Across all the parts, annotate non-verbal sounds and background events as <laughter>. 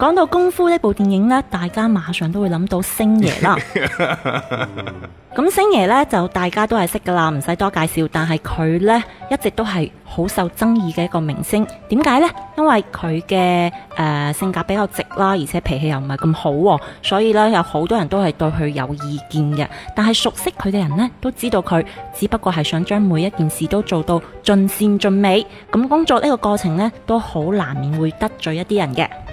講到功夫呢部電影呢，大家馬上都會諗到星爺啦。咁 <laughs> 星爺呢，就大家都係識噶啦，唔使多介紹。但係佢呢，一直都係好受爭議嘅一個明星。點解呢？因為佢嘅誒性格比較直啦，而且脾氣又唔係咁好，所以呢，有好多人都係對佢有意見嘅。但係熟悉佢嘅人呢，都知道，佢只不過係想將每一件事都做到盡善盡美。咁工作呢個過程呢，都好難免會得罪一啲人嘅。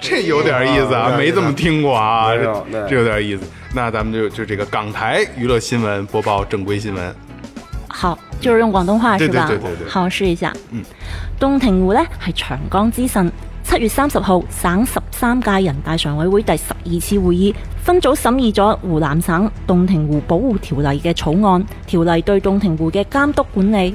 這有點意思啊，沒這麼聽過啊，這有點意思。那咱們就就這個港台娛樂新聞播報正規新聞。好，就是用廣東話是吧？對對對對對。好，我試一下。嗯，洞庭湖呢，係長江之腎。七月三十號，省十三屆人大常委會第十二次會議分組審議咗湖南省《洞庭湖保護條例》嘅草案。條例對洞庭湖嘅監督管理，